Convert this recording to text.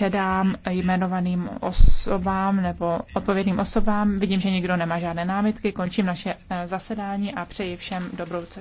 předám jmenovaným osobám nebo odpovědným osobám. Vidím, že nikdo nemá žádné námitky, končím naše eh, zasedání a přeji všem dobrou cestu.